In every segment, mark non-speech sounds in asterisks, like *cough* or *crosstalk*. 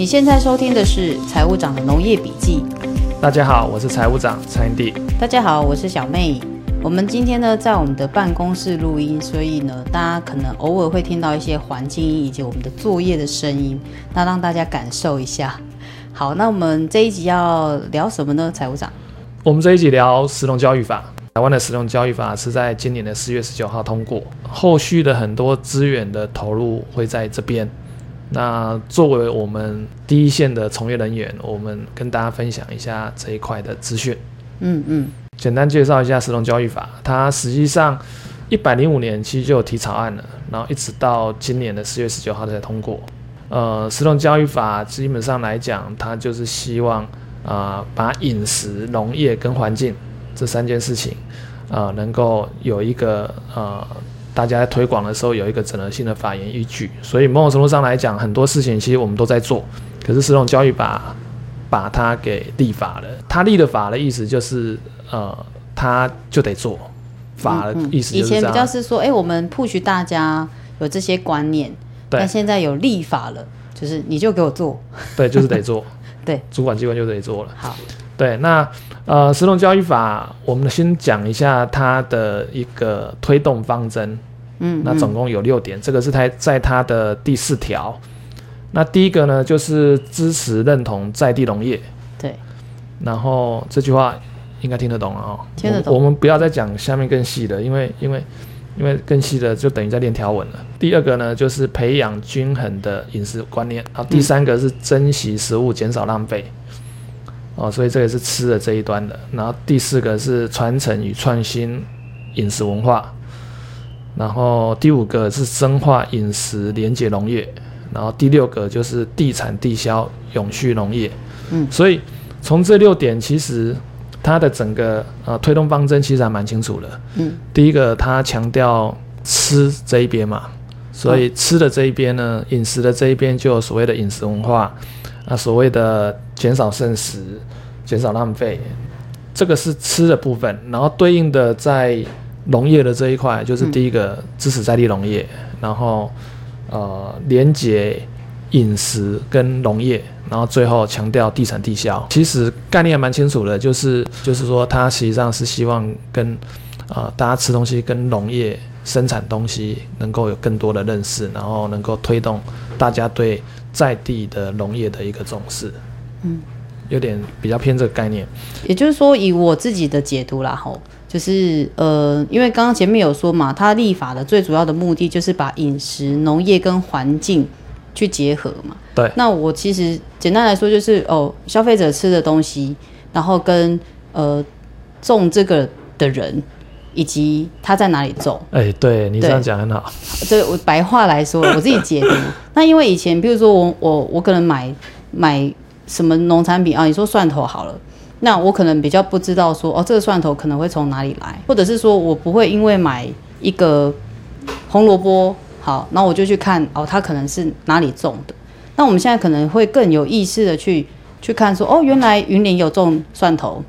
你現在收聽的是《財務長的農業筆記》。大家好，我是財務長陳 D。大家好，我是小妹。我們今天呢，在我們的辦公室錄音，所以呢，大家可能偶爾會聽到一些環境音以及我們的作業的聲音，那讓大家感受一下。好，那我們這一集要聊什麼呢？財務長，我們這一集聊食農教育法。台灣的食農教育法是在今年的四月十九號通過，後續的很多資源的投入會在這邊。那作為我們第一線的從業人員，我們跟大家分享一下這一塊的資訊、嗯。嗯嗯，簡單介紹一下《食農教育法》，它實際上一百零五年其實就有提草案了，然後一直到今年的四月十九號才通過。呃，《食農教育法》基本上來講，它就是希望啊、呃，把飲食、農業跟環境這三件事情啊、呃，能夠有一個啊。呃大家在推廣的時候有一個整合性的法源依據，所以某種程度上來講，很多事情其實我們都在做。可是《食農教育法》把它給立法了，他立的法的意思就是，呃，他就得做。法的意思就是、嗯嗯。以前比較是說，哎、欸，我們 push 大家有這些觀念，對但現在有立法了，就是你就給我做。對，就是得做。 *laughs* 對，主管機關就得做了。好，對，那呃，食農教育法，我們先講一下它的一個推動方針。嗯，嗯那總共有六點，這個是它在它的第四條。那第一個呢，就是支持認同在地農業，對。然後這句話應該聽得懂啊、哦，聽得懂。我，我們不要再講下面更細的，因為因為因為更細的就等於在念條文了。第二個呢，就是培養均衡的飲食觀念啊。第三個是珍惜食物，減少浪費。嗯、哦，所以這也是吃的這一端的。然後第四個是傳承與創新飲食文化。然後第五個是深化飲食、連接農業，然後第六個就是地產地消、永續農業。嗯，所以從這六點，其實它的整個呃推動方針其實還蠻清楚的。嗯，第一個它強調吃這一邊嘛，所以吃的這一邊呢，嗯、飲食的這一邊就有所謂的飲食文化，啊，所謂的減少剩食、減少浪費，這個是吃的部分，然後對應的在。農業的這一塊就是第一個支持在地農業，嗯、然後呃連接飲食跟農業，然後最後強調地產地消。其實概念也蠻清楚的，就是就是說它實際上是希望跟啊、呃、大家吃東西跟農業生產東西能夠有更多的認識，然後能夠推動大家對在地的農業的一個重視。嗯。有點比較偏這個概念，也就是說，以我自己的解讀啦，吼，就是呃，因為剛剛前面有說嘛，它立法的最主要的目的就是把飲食、農業跟環境去結合嘛。對。那我其實簡單來說就是哦，消費者吃的東西，然後跟呃種這個的人，以及他在哪裡種。哎、欸，對，你這樣講很好。對，我白話來說，我自己解讀。 *laughs* 那因為以前，譬如說我我我可能買買。什麼農產品啊？哦，你說蒜頭好了，那我可能比較不知道說哦，這個蒜頭可能會從哪裡來，或者是說我不會因為買一個紅蘿蔔好，那我就去看哦，它可能是哪裡種的。那我們現在可能會更有意識的去去看說哦，原來雲林有種蒜頭，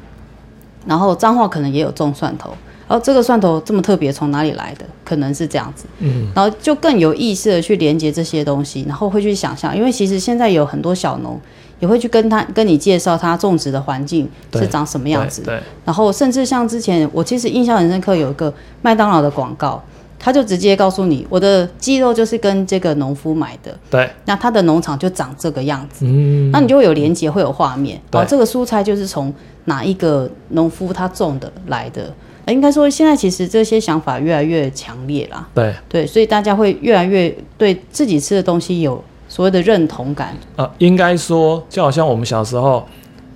然後彰化可能也有種蒜頭。哦，這個蒜頭這麼特別，從哪裡來的？可能是這樣子。嗯，然後就更有意識的去連接這些東西，然後會去想象，因為其實現在有很多小農也會去跟他跟你介紹他種植的環境是長什麼樣子。對。對對，然後甚至像之前我其實印象很深刻，有一個麥當勞的廣告，他就直接告訴你，我的雞肉就是跟這個農夫買的。對。那他的農場就長這個樣子。嗯。那你就會有連接，會有畫面。對哦，這個蔬菜就是從哪一個農夫他種的來的？啊，應該說現在其實這些想法越來越強烈啦。對對，所以大家會越來越對自己吃的東西有所謂的認同感。啊、呃，應該說就好像我們小時候，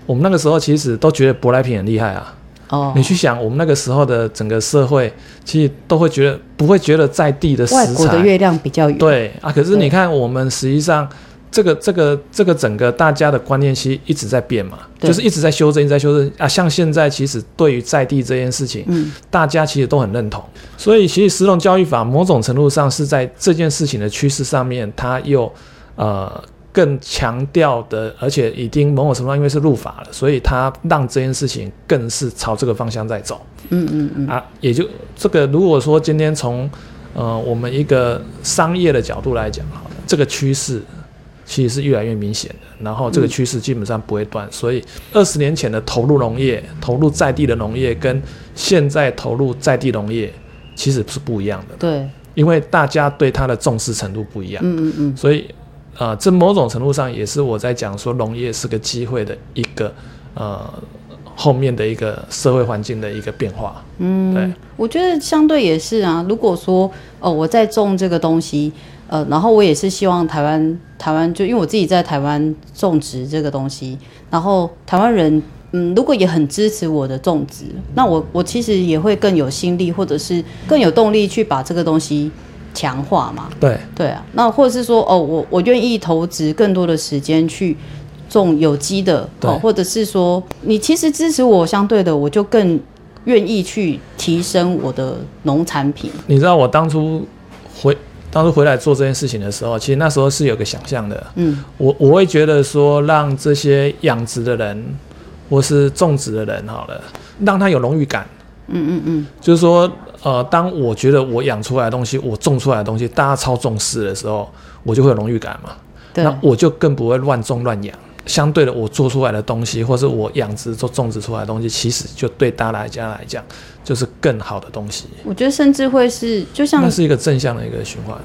我們那個時候其實都覺得舶來品很厲害啊。哦。你去想，我們那個時候的整個社會，其實都會覺得不會覺得在地的食材。外國的月亮比較圓。對啊、呃，可是你看，我們實際上。這個這個這個整個大家的觀念其實一直在變嘛，對就是一直在修正，一直在修正啊。像現在，其實對於在地這件事情，嗯、大家其實都很認同。所以，其實《食農教育法》某種程度上，是在這件事情的趨勢上面，它又呃更強調的，而且已經某種程度上因為是入法了，所以它讓這件事情更是朝這個方向在走。嗯嗯嗯啊，也就這個，如果說今天從呃我們一個商業的角度來講，哈，這個趨勢。其實是越來越明顯的，然後這個趨勢基本上不會斷，嗯、所以二十年前的投入農業、投入在地的農業跟現在投入在地農業其實是不一樣的。對，因為大家對它的重視程度不一樣。嗯嗯嗯。所以，啊、呃，這某種程度上也是我在講說農業是個機會的一個，呃，後面的一個社會環境的一個變化。嗯，對，我覺得相對也是啊。如果說，哦，我在種這個東西。呃，然後我也是希望台灣，台灣就因為我自己在台灣種植這個東西，然後台灣人，嗯，如果也很支持我的種植，那我我其實也會更有心力，或者是更有動力去把這個東西強化嘛。對對啊，那或者是說，哦，我我願意投資更多的時間去種有機的對，哦，或者是說，你其實支持我相對的，我就更願意去提升我的農產品。你知道我當初回。當初回來做這件事情的時候，其實那時候是有個想象的，嗯，我我會覺得說，讓這些養殖的人，或是種植的人，好了，讓他有榮譽感，嗯嗯嗯，就是說，呃，當我覺得我養出來的東西，我種出來的東西，大家超重視的時候，我就會有榮譽感嘛，對那我就更不會亂種亂養。相對的，我做出來的東西，或是我養殖、做種植出來的東西，其實就對大家來家來講，就是更好的東西。我覺得甚至會是，就像那是一個正向的一個循環。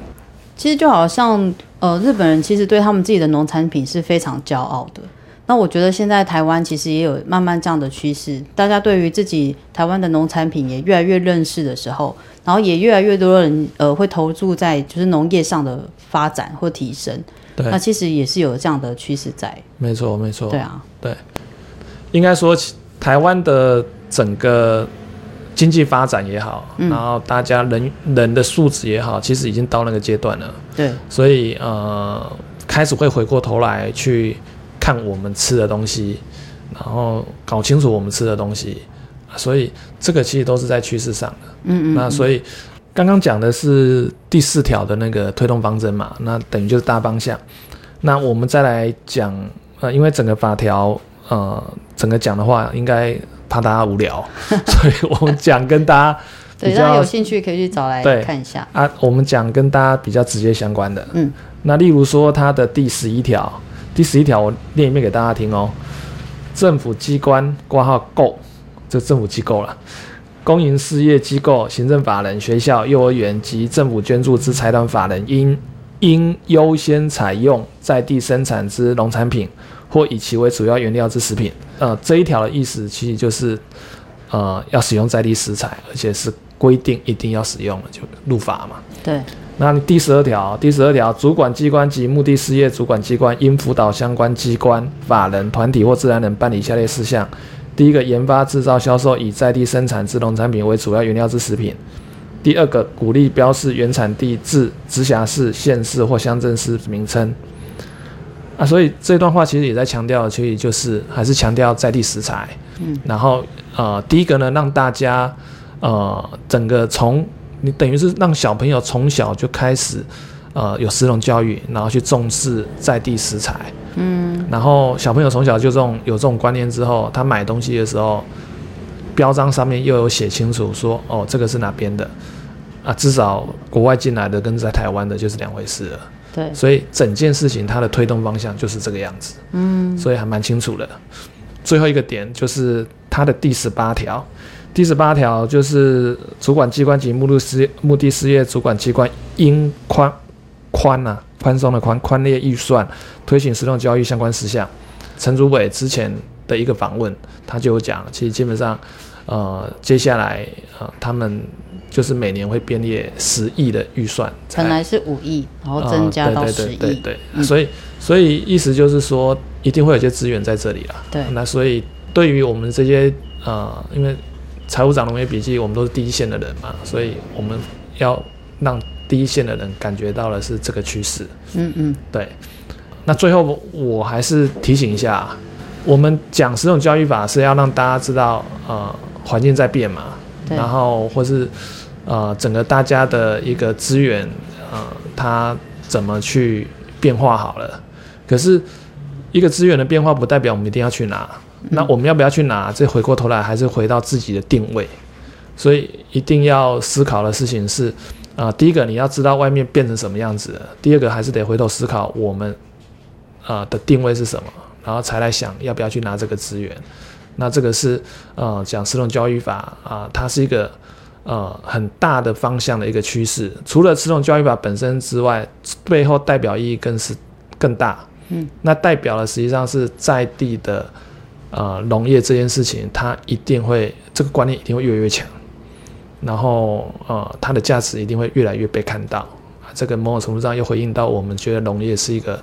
其實就好像呃，日本人其實對他們自己的農產品是非常驕傲的。那我覺得現在台灣其實也有慢慢這樣的趨勢，大家對於自己台灣的農產品也越來越認識的時候，然後也越來越多人呃會投注在就是農業上的發展或提升。那其實也是有這樣的趨勢在。沒錯，沒錯。對啊，對，應該說台灣的整個經濟發展也好，嗯、然後大家人人的素質也好，其實已經到那個階段了。對，所以呃，開始會回過頭來去看我們吃的東西，然後搞清楚我們吃的東西，所以這個其實都是在趨勢上的。嗯，嗯嗯。那所以。剛剛講的是第四條的那個推動方針嘛，那等於就是大方向。那我們再來講，呃，因為整個法條，呃，整個講的話，應該怕大家無聊， *laughs* 所以我們講跟大家比較。對，大家有興趣可以去找來看一下啊。我們講跟大家比較直接相關的，嗯，那例如說它的第十一條，第十一條我念一遍給大家聽哦。政府機關括號構，這政府機構了。公營事業機構、行政法人、學校、幼兒園及政府捐助之財團法人，應應優先採用在地生產之農產品或以其為主要原料之食品。呃，這一條的意思其實就是，呃，要使用在地食材，而且是規定一定要使用了，就入法嘛。對。那第十二條，第十二條，主管機關及目的事業主管機關，應輔導相關機關、法人、團體或自然人辦理下列事項。第一個研發、製造、銷售以在地生產之農產品為主要原料之食品；第二個鼓勵標示原產地至直轄市、縣市或鄉鎮市名稱。啊，所以這段話其實也在強調，其實就是還是強調在地食材。嗯。然後呃，第一個呢，讓大家呃，整個從你等於是讓小朋友從小就開始呃有食農教育，然後去重視在地食材。嗯，然後小朋友從小就這種有這種觀念之後，他買東西的時候，標章上面又有寫清楚說，哦，這個是哪邊的，啊，至少國外進來的跟在台灣的就是兩回事了。對所以整件事情它的推動方向就是這個樣子。嗯，所以還蠻清楚的。最後一個點就是它的第十八條，第十八條就是主管機關及目的事業，目的事業主管機關應寬寬啊。寬鬆的寬寬列預算，推行食農教育相關事項。陳主委之前的一個訪問，他就有講，其實基本上，呃，接下來啊、呃，他們就是每年會編列十億的預算才。本來是五億，然後增加到十億、呃。對對對、對、對、嗯、所以，所以意思就是說，一定會有些資源在這裡了。對。那所以，對於我們這些呃，因為財務長的農業筆記，我們都是第一線的人嘛，所以我們要讓。第一線的人感覺到的是這個趨勢，嗯嗯，對。那最後我還是提醒一下，我們講食農教育法是要讓大家知道，呃，環境在變嘛，對然後或是呃整個大家的一個資源，呃，它怎麼去變化好了。可是一個資源的變化不代表我們一定要去拿，嗯、那我們要不要去拿？這回過頭來還是回到自己的定位，所以一定要思考的事情是。啊、呃，第一個你要知道外面變成什麼樣子，第二個還是得回頭思考我們，啊、呃、的定位是什麼，然後才來想要不要去拿這個資源。那這個是呃講食農教育法啊、呃，它是一個呃很大的方向的一個趨勢。除了食農教育法本身之外，背後代表意義更是更大。嗯，那代表了實際上是在地的呃農業這件事情，它一定會，這個觀念一定會越來越強。然後，呃，它的價值一定會越來越被看到，這個某種程度上又回應到我們覺得農業是一個，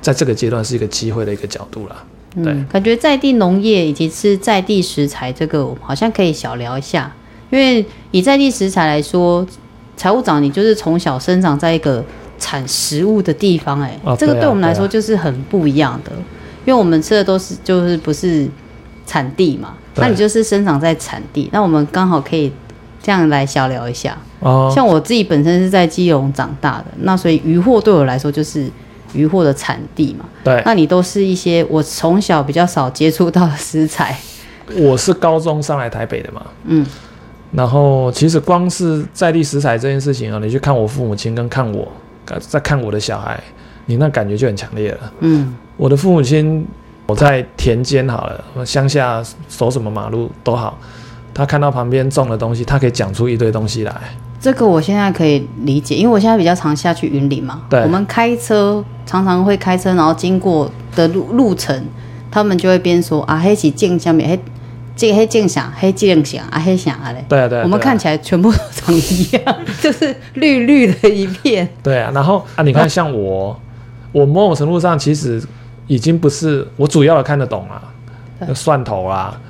在這個階段是一個機會的一個角度啦。對，嗯，感覺在地農業以及吃在地食材，這個我們好像可以小聊一下。因為以在地食材來說，財務長你就是從小生長在一個產食物的地方，欸，哎，啊，這個對我們來說就是很不一樣的。啊啊啊，因為我們吃的都是就是不是產地嘛，對那你就是生長在產地，那我們剛好可以。這樣來小聊一下，哦，像我自己本身是在基隆長大的，那所以漁貨對我來說就是漁貨的產地嘛。對，那你都是一些我從小比較少接觸到的食材。我是高中上來台北的嘛，嗯，然後其實光是在地食材這件事情啊，你去看我父母親跟看我，再看我的小孩，你那感覺就很強烈了。嗯，我的父母親，我在田間好了，鄉下守什麼馬路都好，他看到旁邊種的東西，他可以講出一堆東西來。這個我現在可以理解，因為我現在比較常下去雲林嘛。對，我們開車常常會開車，然後經過的路路程，他們就會邊說啊，黑起見下面黑見黑鏡想黑鏡想啊，黑想阿嘞。對對。我們看起來全部都長得一樣， *laughs* 就是綠綠的一片。對啊，然後啊，你看像我，啊、我某種程度上其實已經不是我主要的看得懂啊，對蒜頭啊。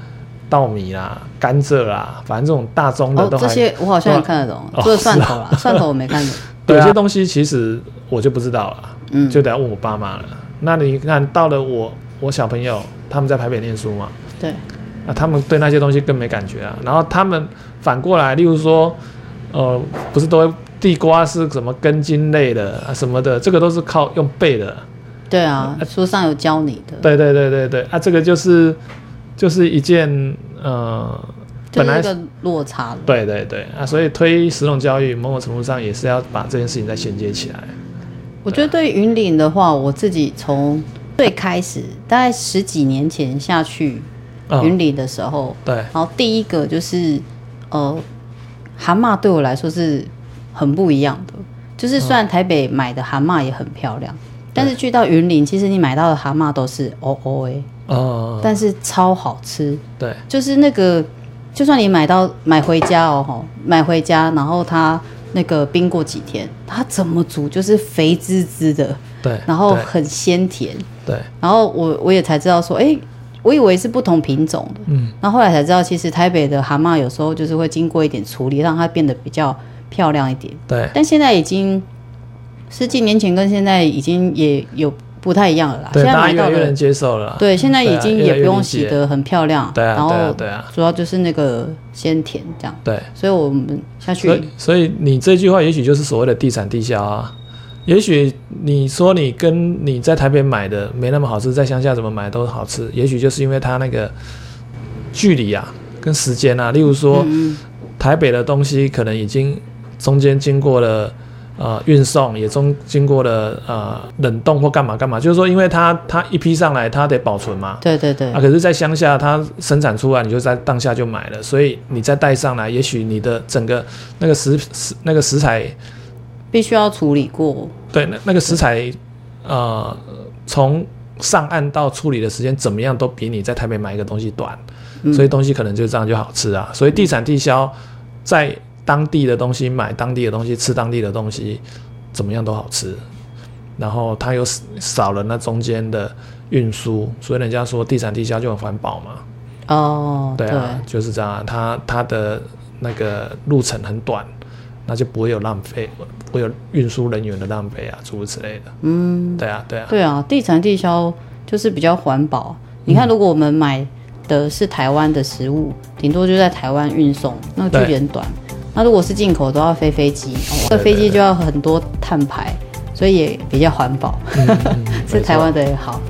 稻米啊，甘蔗啊，反正這種大宗的東、哦、這些我好像也看得懂，就是還、哦、蒜頭算、啊哦啊、蒜頭我沒看懂。有 *laughs* 對、啊、些東西其實我就不知道了，嗯、就得問我爸媽了。那你看到了我，我小朋友他們在台北念書嘛，對，啊，他們對那些東西更沒感覺啊。然後他們反過來，例如說，呃，不是都地瓜是什麼根莖類的啊什麼的，這個都是靠用背的。對啊，嗯、書上有教你的。對對對對對，啊，這個就是。就是一件，呃，本來落差了。對對對，啊，所以推食農教育，某種程度上也是要把這件事情再銜接起來。啊、我覺得對雲林的話，我自己從最開始、啊、大概十幾年前下去雲林的時候，嗯、對，然後第一個就是，呃，蛤蟆對我來說是很不一樣的。就是雖然台北買的蛤蟆也很漂亮，嗯、但是去到雲林，其實你買到的蛤蟆都是哦哦哎。哦，oh, oh, oh, oh. 但是超好吃。對，就是那個，就算你買到買回家哦，買回家，然後它那個冰過幾天，它怎麼煮就是肥滋滋的。對，然後很鮮甜。對，然後我我也才知道說，哎，我以為是不同品種的。嗯，然後後來才知道，其實台北的蛤蟆有時候就是會經過一點處理，讓它變得比較漂亮一點。對，但現在已經十幾年前跟現在已經也有。不太一樣了啦，對，大家越來越能接受了，對，現在已經也不用洗得很漂亮，對啊，然後主要就是那個鮮甜這樣，對，所以我們下去所。所以你這句話也許就是所謂的地產地消啊，也許你說你跟你在台北買的沒那麼好吃，在鄉下怎麼買都好吃，也許就是因為它那個距離啊跟時間啊，例如說嗯嗯台北的東西可能已經中間經過了。呃，運送也中經過了呃冷凍或幹嘛幹嘛，就是說，因為它它一批上來，它得保存嘛。對對對。啊，可是，在鄉下，它生產出來，你就在當下就買了，所以你再帶上來，也許你的整個那個食食那個食材必須要處理過。對，那那個食材，對呃，從上岸到處理的時間，怎麼樣都比你在台北買一個東西短，嗯、所以東西可能就這樣就好吃啊。所以地產地消在。嗯當地的東西買，當地的東西吃，當地的東西怎麼樣都好吃。然後它又少了那中間的運輸，所以人家說地產地銷就很環保嘛。哦，對啊，對就是這樣。它它的那個路程很短，那就不會有浪費，不會有運輸人員的浪費啊，諸如此類的。嗯，對啊，對啊，對啊，地產地銷就是比較環保。嗯、你看，如果我們買的是台灣的食物，頂多就在台灣運送，那距離很短。那、啊、如果是進口，都要飛飛機，這、哦、飛機就要很多碳排，所以也比較環保，嗯嗯嗯、 *laughs* 是台灣的也沒錯好。啊、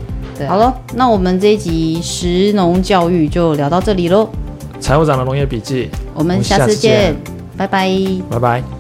好了，那我們這一集食農教育就聊到這裡嘍。財務長的農業筆記，我們下次見，次見拜拜，拜拜。